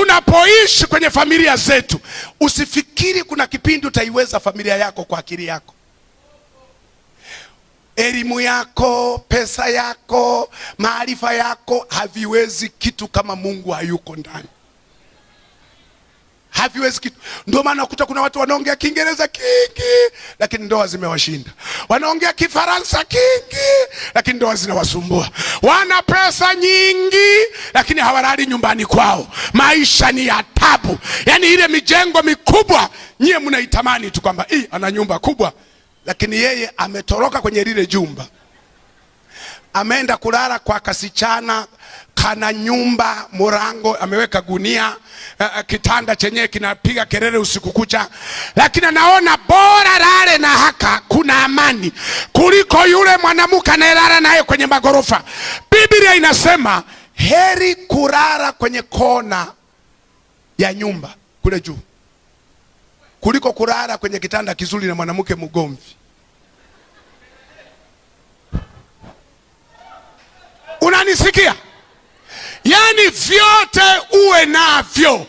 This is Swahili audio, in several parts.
tunapoishi kwenye familia zetu, usifikiri kuna kipindi utaiweza familia yako kwa akili yako elimu yako, pesa yako, maarifa yako haviwezi kitu kama Mungu hayuko ndani haviwezi kitu. Ndio maana kuta kuna watu wanaongea Kiingereza kingi lakini ndoa zimewashinda, wanaongea Kifaransa kingi lakini ndoa zinawasumbua, wana pesa nyingi lakini hawalali nyumbani kwao. Maisha ni ya tabu, yaani ile mijengo mikubwa nyie mnaitamani tu kwamba ana nyumba kubwa, lakini yeye ametoroka kwenye lile jumba ameenda kulala kwa kasichana kana nyumba morango, ameweka gunia uh, kitanda chenyewe kinapiga kelele usiku kucha, lakini anaona bora lale na haka, kuna amani kuliko yule mwanamke anayelala naye kwenye magorofa. Biblia inasema heri kulala kwenye kona ya nyumba kule juu kuliko kulala kwenye kitanda kizuri na mwanamke mgomvi. Unanisikia? Yaani vyote uwe navyo,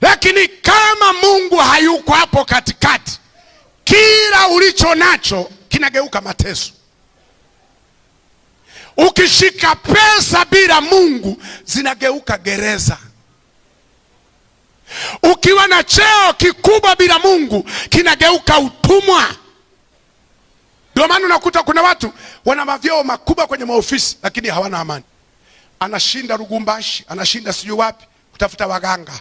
lakini kama Mungu hayuko hapo katikati, kila ulicho nacho kinageuka mateso. Ukishika pesa bila Mungu zinageuka gereza. Ukiwa na cheo kikubwa bila Mungu kinageuka utumwa. Ndio maana unakuta kuna watu wana mavyeo makubwa kwenye maofisi lakini hawana amani. Anashinda Rugumbashi, anashinda sijui wapi kutafuta waganga,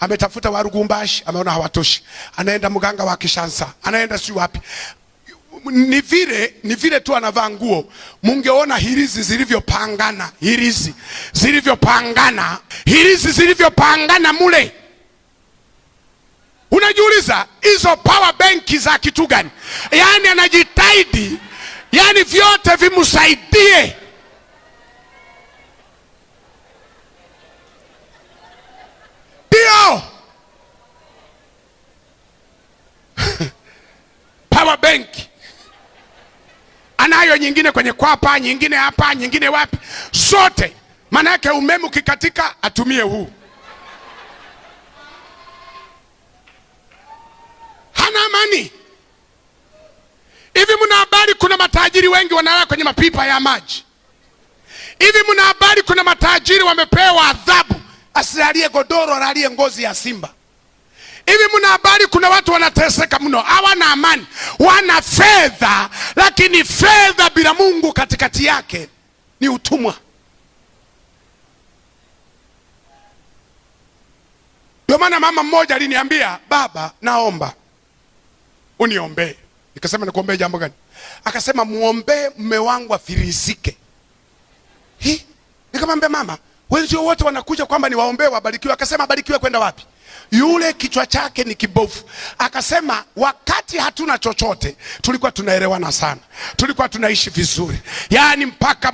ametafuta wa Rugumbashi, ameona hawatoshi, anaenda mganga wa Kishansa, anaenda sijui wapi. Ni vile ni vile tu anavaa nguo. Mungeona hirizi zilivyopangana, hirizi zilivyopangana, hirizi zilivyopangana mule Unajiuliza hizo power bank za kitu gani? Yaani anajitahidi, yaani vyote vimsaidie. Ndio power bank. anayo, nyingine kwenye kwapa, nyingine hapa, nyingine wapi, sote Maana yake umeme ukikatika atumie huu. hawana amani. Hivi mna habari kuna matajiri wengi wanalala kwenye mapipa ya maji? Hivi mna habari kuna matajiri wamepewa adhabu, asilalie godoro, alalie ngozi ya simba? Hivi mna habari kuna watu wanateseka mno, hawana amani, wana fedha, lakini fedha bila Mungu katikati yake ni utumwa. Ndio maana mama mmoja aliniambia, baba, naomba uniombee. Nikasema nikuombee jambo gani? Akasema muombee mme wangu afirisike. Hi, nikamwambia mama, wenzio wote wanakuja kwamba niwaombee wabarikiwe. Akasema abarikiwe kwenda wapi? Yule kichwa chake ni kibofu. Akasema wakati hatuna chochote, tulikuwa tunaelewana sana, tulikuwa tunaishi vizuri, yaani mpaka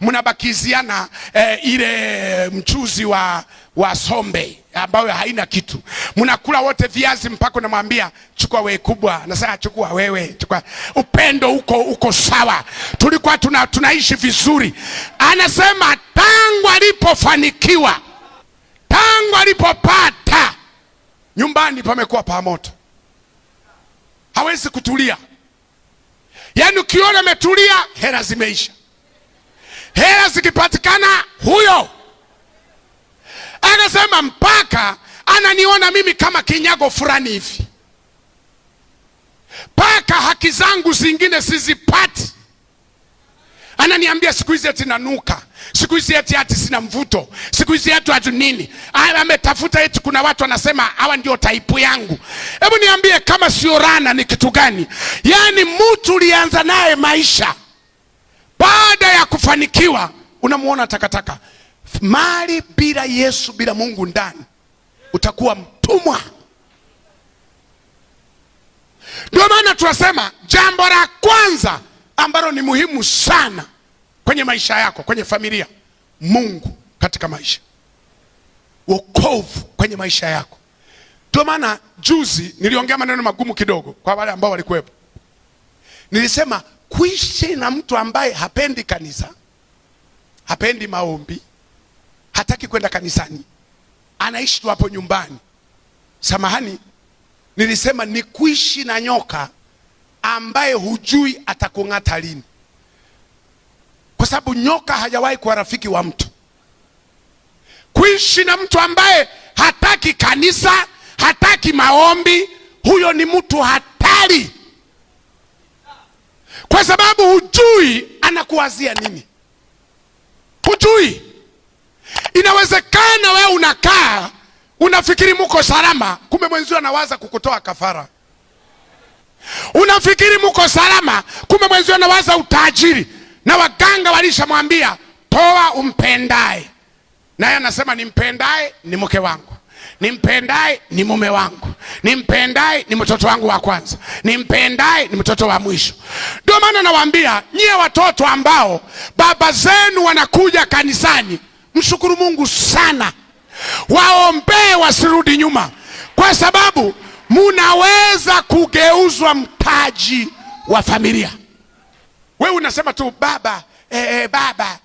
mnabakiziana mna, mna eh, ile mchuzi wa wasombe ambayo haina kitu. Mnakula wote viazi mpaka unamwambia chukua wewe kubwa, nasema chukua wewe, chukua. Upendo uko uko sawa, tulikuwa tuna, tunaishi vizuri. Anasema tangu alipofanikiwa, tangu alipopata, nyumbani pamekuwa pa moto, hawezi kutulia. Yaani ukiona ametulia, hela zimeisha. Hela zikipatikana, huyo Akasema mpaka ananiona mimi kama kinyago fulani hivi, mpaka haki zangu zingine sizipati. Ananiambia siku hizi eti nanuka, siku hizi eti hati sina mvuto, siku hizi eti hatu nini, ametafuta eti kuna watu wanasema hawa ndio taipu yangu. Hebu niambie kama sio rana ni kitu gani? Yaani mtu ulianza naye maisha, baada ya kufanikiwa unamuona takataka mali bila Yesu, bila Mungu ndani, utakuwa mtumwa. Ndio maana tunasema jambo la kwanza ambalo ni muhimu sana kwenye maisha yako, kwenye familia, Mungu katika maisha, wokovu kwenye maisha yako. Ndio maana juzi niliongea maneno magumu kidogo kwa wale ambao walikuwepo. Nilisema kuishi na mtu ambaye hapendi kanisa, hapendi maombi, hataki kwenda kanisani, anaishi tu hapo nyumbani. Samahani, nilisema ni kuishi na nyoka ambaye hujui atakung'ata lini, kwa sababu nyoka hajawahi kuwa rafiki wa mtu. Kuishi na mtu ambaye hataki kanisa, hataki maombi, huyo ni mtu hatari, kwa sababu hujui anakuwazia nini, hujui Inawezekana wewe unakaa unafikiri muko salama, kumbe mwenzio anawaza kukutoa kafara. Unafikiri muko salama, kumbe mwenzio anawaza utajiri, na waganga walishamwambia toa umpendae, naye anasema nimpendae ni mke wangu nimpendaye ni mume wangu, nimpendaye ni mtoto wangu wa kwanza, nimpendaye ni mtoto wa mwisho. Ndio maana nawaambia nyie watoto ambao baba zenu wanakuja kanisani Mshukuru Mungu sana, waombee wasirudi nyuma, kwa sababu munaweza kugeuzwa mtaji wa familia. Wewe unasema tu baba, eh, eh, baba.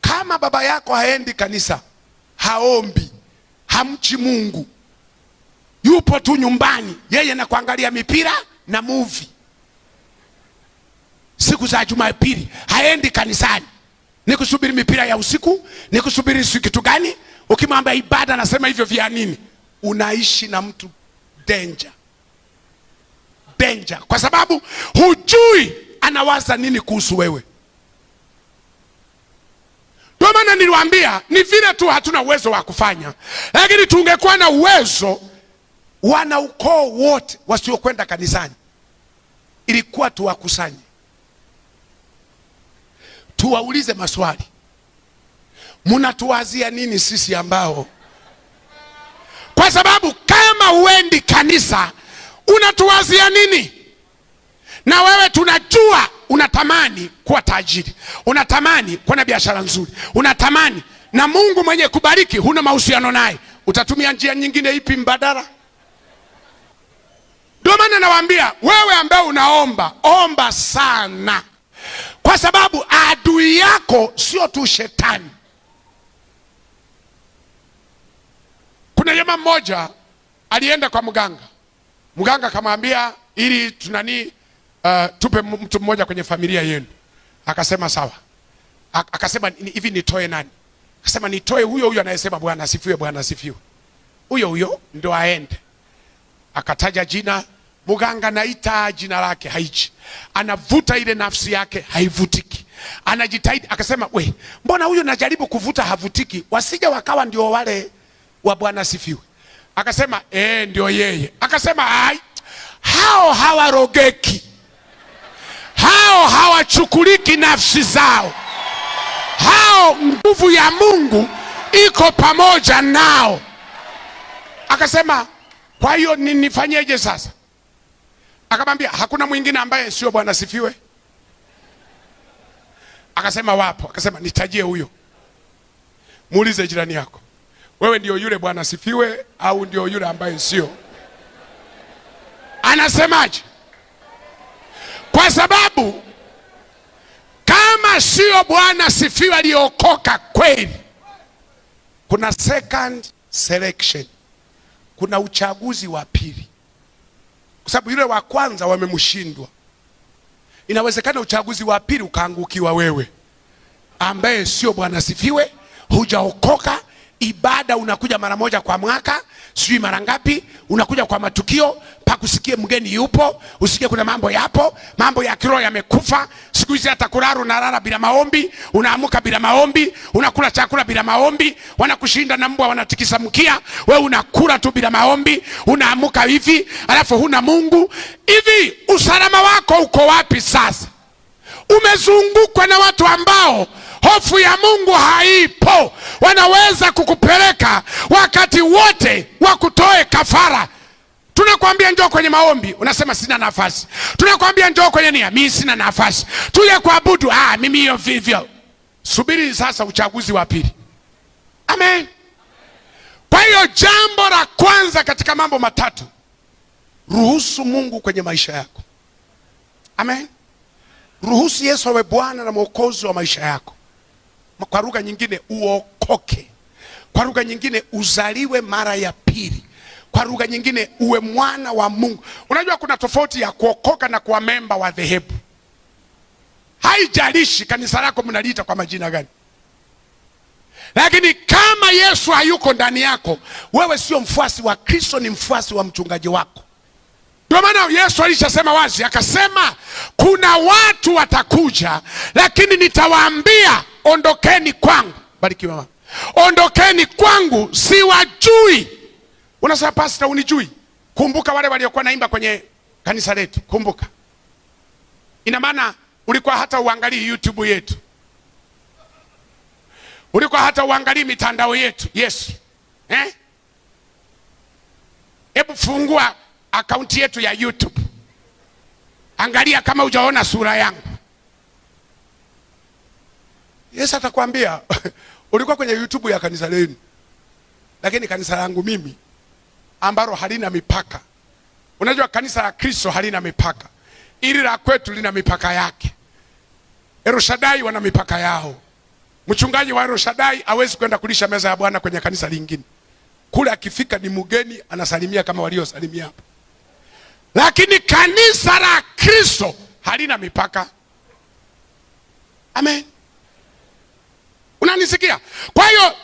Kama baba yako haendi kanisa, haombi, hamchi Mungu, yupo tu nyumbani yeye na kuangalia mipira na movie siku za Jumapili, haendi kanisani ni kusubiri mipira ya usiku, ni kusubiri si kitu gani. Ukimwambia ibada anasema hivyo vya nini? Unaishi na mtu danger, danger, kwa sababu hujui anawaza nini kuhusu wewe. Ndio maana niliwaambia ni vile tu hatuna uwezo wa kufanya, lakini tungekuwa na uwezo, wana ukoo wote wasiokwenda kanisani ilikuwa tuwakusanye tuwaulize maswali, mnatuwazia nini sisi ambao, kwa sababu kama uendi kanisa unatuwazia nini? Na wewe tunajua unatamani kuwa tajiri, unatamani kuwa na biashara nzuri, unatamani na Mungu mwenye kubariki, huna mahusiano naye, utatumia njia nyingine ipi mbadala? Ndio maana nawaambia wewe, ambaye unaomba omba sana kwa sababu adui yako sio tu shetani. Kuna jamaa mmoja alienda kwa mganga, mganga akamwambia ili tunani uh, tupe mtu mmoja kwenye familia yenu. Akasema sawa, akasema hivi, nitoe nani? Akasema nitoe huyo huyo anayesema Bwana asifiwe, Bwana asifiwe, huyo huyo ndo aende. Akataja jina muganga naita jina lake haichi, anavuta ile nafsi yake haivutiki, anajitahidi akasema, we mbona huyu najaribu kuvuta havutiki, wasije wakawa ndio wale wa Bwana sifiwe. Akasema ee, ndio yeye. Akasema ai, hao hawarogeki, hao hawachukuliki nafsi zao, hao nguvu ya Mungu iko pamoja nao. Akasema kwa hiyo ninifanyeje sasa? Akamwambia hakuna mwingine ambaye sio Bwana sifiwe. Akasema wapo. Akasema nitajie huyo. Muulize jirani yako, wewe ndio yule Bwana sifiwe au ndio yule ambaye sio? Anasemaje? Kwa sababu kama sio Bwana sifiwe aliokoka kweli, kuna second selection, kuna uchaguzi wa pili kwa sababu yule wa kwanza wamemshindwa. Inawezekana uchaguzi wa pili ukaangukiwa wewe, ambaye sio Bwana sifiwe, hujaokoka. Ibada unakuja mara moja kwa mwaka, sijui mara ngapi, unakuja kwa matukio, pakusikie mgeni yupo, usikie kuna mambo yapo, mambo ya kiroho yamekufa siku hizi. Hata kulala unalala bila maombi, unaamka bila maombi, unakula chakula bila maombi, wanakushinda na mbwa wanatikisa mkia, wewe unakula tu bila maombi, unaamka hivi, alafu huna Mungu hivi. Usalama wako uko wapi sasa? Umezungukwa na watu ambao hofu ya Mungu haipo, wanaweza kukupeleka wakati wote wakutoe kafara Tunakwambia njoo kwenye maombi, unasema sina nafasi. Tunakwambia njoo kwenye nia, mimi sina nafasi. Tuje kuabudu, ah, mimi hiyo vivyo. Subiri sasa uchaguzi wa pili. Amen. Kwa hiyo jambo la kwanza katika mambo matatu, ruhusu Mungu kwenye maisha yako. Amen. Ruhusu Yesu awe Bwana na Mwokozi wa maisha yako. Kwa lugha nyingine uokoke, kwa lugha nyingine uzaliwe mara ya pili kwa lugha nyingine uwe mwana wa Mungu. Unajua kuna tofauti ya kuokoka na kuwa memba wa dhehebu. Haijalishi kanisa lako mnaliita kwa majina gani, lakini kama Yesu hayuko ndani yako, wewe sio mfuasi wa Kristo, ni mfuasi wa mchungaji wako. Ndio maana Yesu alishasema wazi, akasema kuna watu watakuja, lakini nitawaambia ondokeni kwangu. Barikiwa mama, ondokeni kwangu, siwajui. Unasema pastor, unijui? Kumbuka wale waliokuwa naimba kwenye kanisa letu, kumbuka. Ina maana ulikuwa hata uangalii YouTube yetu, ulikuwa hata uangalii mitandao yetu. Yesu, eh? Hebu fungua akaunti yetu ya YouTube, angalia kama hujaona sura yangu. Yesu atakwambia ulikuwa kwenye YouTube ya kanisa lenu, lakini kanisa langu mimi ambalo halina mipaka. Unajua kanisa la Kristo halina mipaka, ili la kwetu lina mipaka yake. Eroshadai wana mipaka yao. Mchungaji wa Eroshadai hawezi kwenda kulisha meza ya Bwana kwenye kanisa lingine, kule akifika ni mgeni, anasalimia kama waliosalimia hapa. Lakini kanisa la Kristo halina mipaka. Amen, unanisikia? Kwa hiyo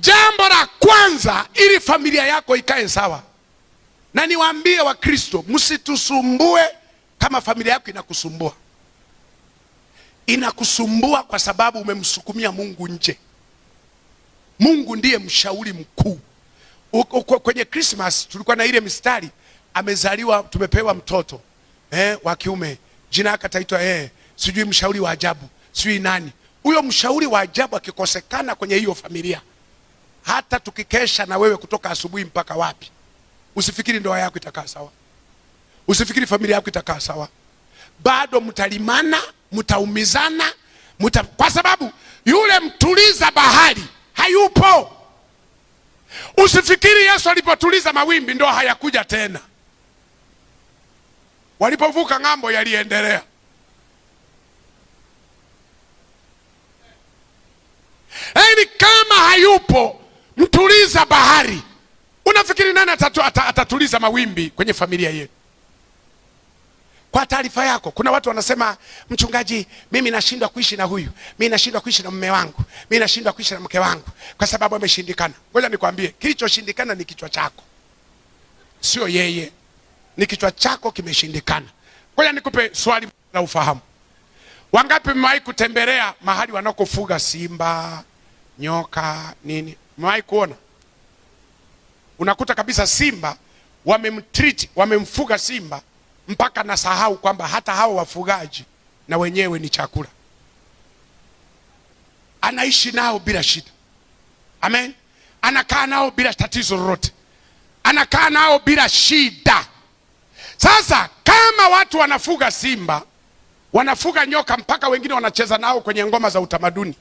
Jambo la kwanza, ili familia yako ikae sawa, na niwaambie Wakristo, msitusumbue kama familia yako inakusumbua. Inakusumbua kwa sababu umemsukumia Mungu nje. Mungu ndiye mshauri mkuu. Kwenye Christmas tulikuwa na ile mistari, amezaliwa, tumepewa mtoto eh, wa kiume, jina yake ataitwa eh, sijui mshauri wa ajabu, sijui nani. Huyo mshauri wa ajabu akikosekana kwenye hiyo familia hata tukikesha na wewe kutoka asubuhi mpaka wapi. Usifikiri ndoa yako itakaa sawa, usifikiri familia yako itakaa sawa. Bado mtalimana, mtaumizana, muta... kwa sababu yule mtuliza bahari hayupo. Usifikiri Yesu alipotuliza mawimbi ndo hayakuja tena, walipovuka ng'ambo yaliendelea. Yaani kama hayupo mtuliza bahari. Unafikiri nani atatu, at, atatuliza mawimbi kwenye familia yetu? Kwa taarifa yako, kuna watu wanasema mchungaji, mimi nashindwa kuishi na huyu, mimi nashindwa kuishi na mume wangu, mimi nashindwa kuishi na mke wangu kwa sababu ameshindikana. Ngoja nikwambie, kilichoshindikana ni kichwa chako, sio yeye, ni kichwa chako kimeshindikana. Ngoja nikupe swali la ufahamu. Wangapi mmewahi kutembelea mahali wanakofuga simba, nyoka, nini? Umewahi kuona? Unakuta kabisa simba wamemtreat, wamemfuga simba mpaka nasahau kwamba hata hao wafugaji na wenyewe ni chakula, anaishi nao bila shida. Amen, anakaa nao bila tatizo lolote, anakaa nao bila shida. Sasa kama watu wanafuga simba, wanafuga nyoka, mpaka wengine wanacheza nao kwenye ngoma za utamaduni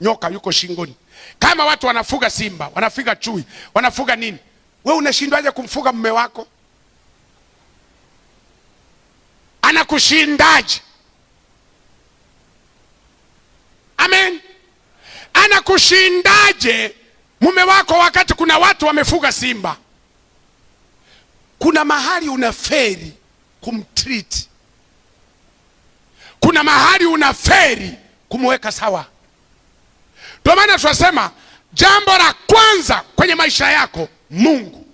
nyoka yuko shingoni. Kama watu wanafuga simba, wanafuga chui, wanafuga nini, we unashindwaje kumfuga mme wako? Anakushindaje? Amen, anakushindaje mume wako, wakati kuna watu wamefuga simba? Kuna mahali unaferi kumtreat, kuna mahali unaferi kumweka sawa. Ndio maana tunasema jambo la kwanza kwenye maisha yako, Mungu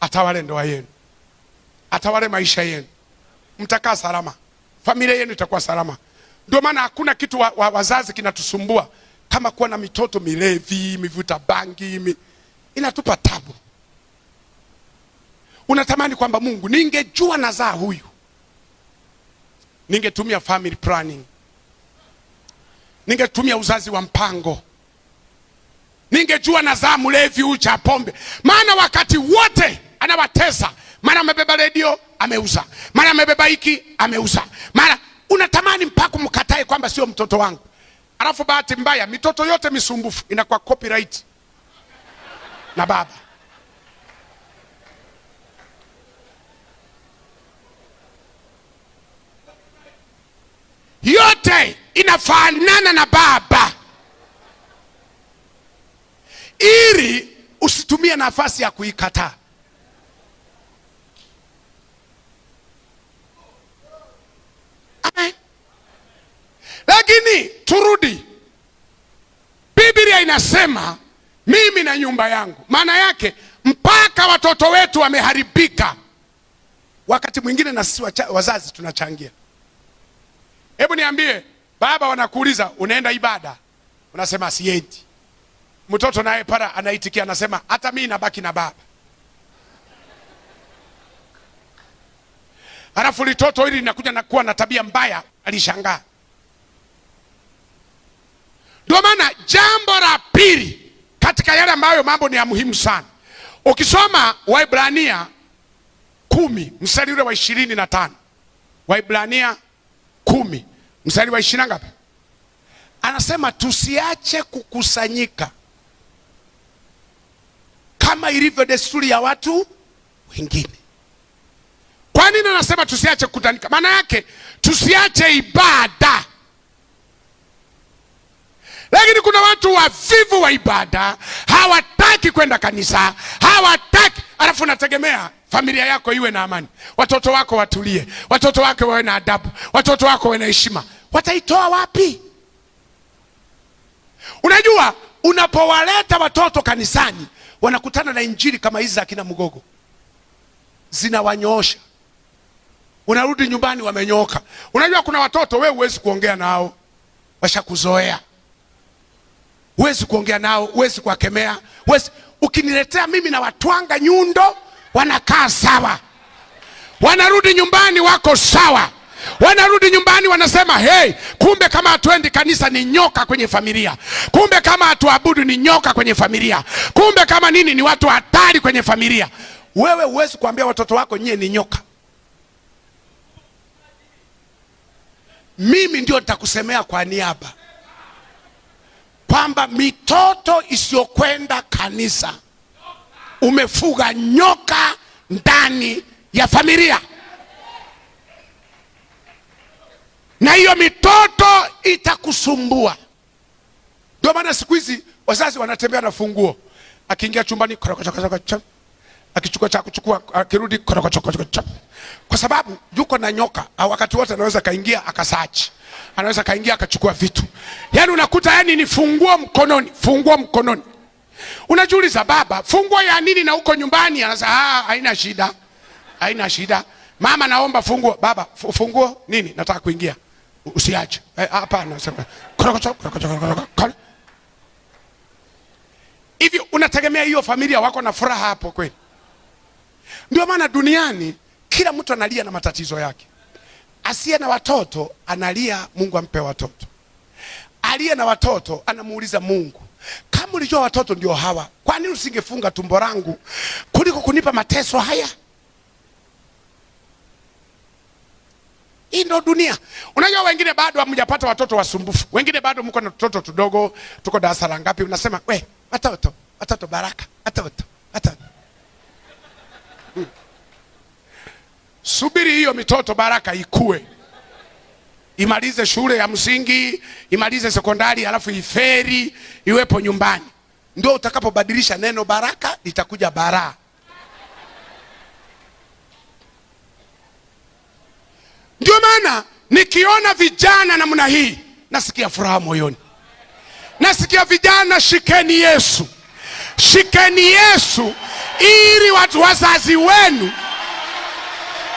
atawale ndoa yenu, atawale maisha yenu, mtakaa salama, familia yenu itakuwa salama. Ndio maana hakuna kitu wa, wa, wazazi kinatusumbua kama kuwa na mitoto milevi, mivuta bangi mi... inatupa tabu. Unatamani kwamba Mungu, ningejua nazaa huyu, ningetumia family planning, ningetumia uzazi wa mpango ningejua nazaa mlevi huyu cha pombe, maana wakati wote anawateza Mara amebeba redio ameuza, mara amebeba hiki ameuza, mara unatamani mpaka mkatae kwamba sio mtoto wangu. Alafu bahati mbaya mitoto yote misumbufu inakuwa copyright na baba. Yote inafanana na baba ili usitumie nafasi ya kuikataa. Lakini turudi, Biblia inasema mimi na nyumba yangu. Maana yake mpaka watoto wetu wameharibika. Wakati mwingine na sisi wazazi tunachangia. Hebu niambie, baba wanakuuliza unaenda ibada, unasema siendi mtoto naye para anaitikia, anasema hata mi nabaki na baba. Halafu litoto hili linakuja na kuwa na tabia mbaya, alishangaa. Ndio maana jambo la pili katika yale ambayo mambo ni ya muhimu sana, ukisoma Waibrania kumi mstari ule wa ishirini na tano Waibrania kumi mstari wa ishirini na ngapi? Anasema tusiache kukusanyika kama ilivyo desturi ya watu wengine. Kwa nini anasema tusiache kukutanika? Maana yake tusiache ibada, lakini kuna watu wavivu wa ibada, hawataki kwenda kanisa, hawataki alafu nategemea familia yako iwe na amani, watoto wako watulie, watoto wako wawe na adabu, watoto wako wawe na heshima. Wataitoa wapi? Unajua, unapowaleta watoto kanisani wanakutana na injili kama hizi za kina Mgogo, zinawanyoosha. Unarudi nyumbani wamenyoka. Unajua kuna watoto wewe huwezi kuongea nao, washakuzoea. Huwezi kuongea nao, huwezi kuwakemea, huwezi. Ukiniletea mimi na watwanga nyundo, wanakaa sawa, wanarudi nyumbani wako sawa. Wanarudi nyumbani wanasema, hey, kumbe kama hatuendi kanisa ni nyoka kwenye familia, kumbe kama hatuabudu ni nyoka kwenye familia, kumbe kama nini ni watu hatari kwenye familia. Wewe huwezi kuambia watoto wako nyie ni nyoka. Mimi ndio nitakusemea kwa niaba kwamba mitoto isiyokwenda kanisa umefuga nyoka ndani ya familia. na hiyo mitoto itakusumbua. Ndio maana siku hizi wazazi wanatembea na funguo, akiingia chumbani akichukua cha kuchukua, akirudi kwa sababu yuko na nyoka. Au wakati wote anaweza kaingia akasachi, anaweza kaingia akachukua vitu. Yani unakuta yani ni funguo mkononi, funguo mkononi. Unajiuliza, baba, funguo ya nini? Na uko nyumbani anasa ah, haina shida, haina shida. Mama, naomba funguo. Baba, funguo nini? Nataka kuingia usiache eh, hapana. hivyo, unategemea hiyo familia wako na furaha hapo kweli? Ndio maana duniani kila mtu analia na matatizo yake. Asiye na watoto analia Mungu ampe watoto, aliye na watoto anamuuliza Mungu kama ulijua watoto ndio hawa, kwa nini usingefunga tumbo langu kuliko kunipa mateso haya? Hii ndo dunia. Unajua wengine bado hamjapata watoto wasumbufu, wengine bado mko na watoto tudogo, tuko darasa la ngapi? Unasema we, watoto watoto, baraka watoto watoto. Hmm. Subiri hiyo mitoto baraka ikue, imalize shule ya msingi, imalize sekondari, alafu iferi, iwepo nyumbani, ndio utakapobadilisha neno baraka litakuja baraa. maana nikiona vijana namna hii nasikia furaha moyoni, nasikia vijana, shikeni Yesu, shikeni Yesu ili watu wazazi wenu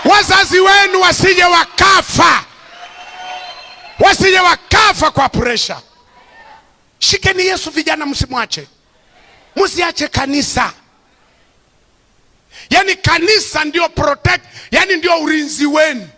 wazazi wenu wasije wakafa, wasije wakafa kwa presha. Shikeni Yesu vijana, msimwache, msiache kanisa. Yani kanisa ndio protect, yani ndio ulinzi wenu.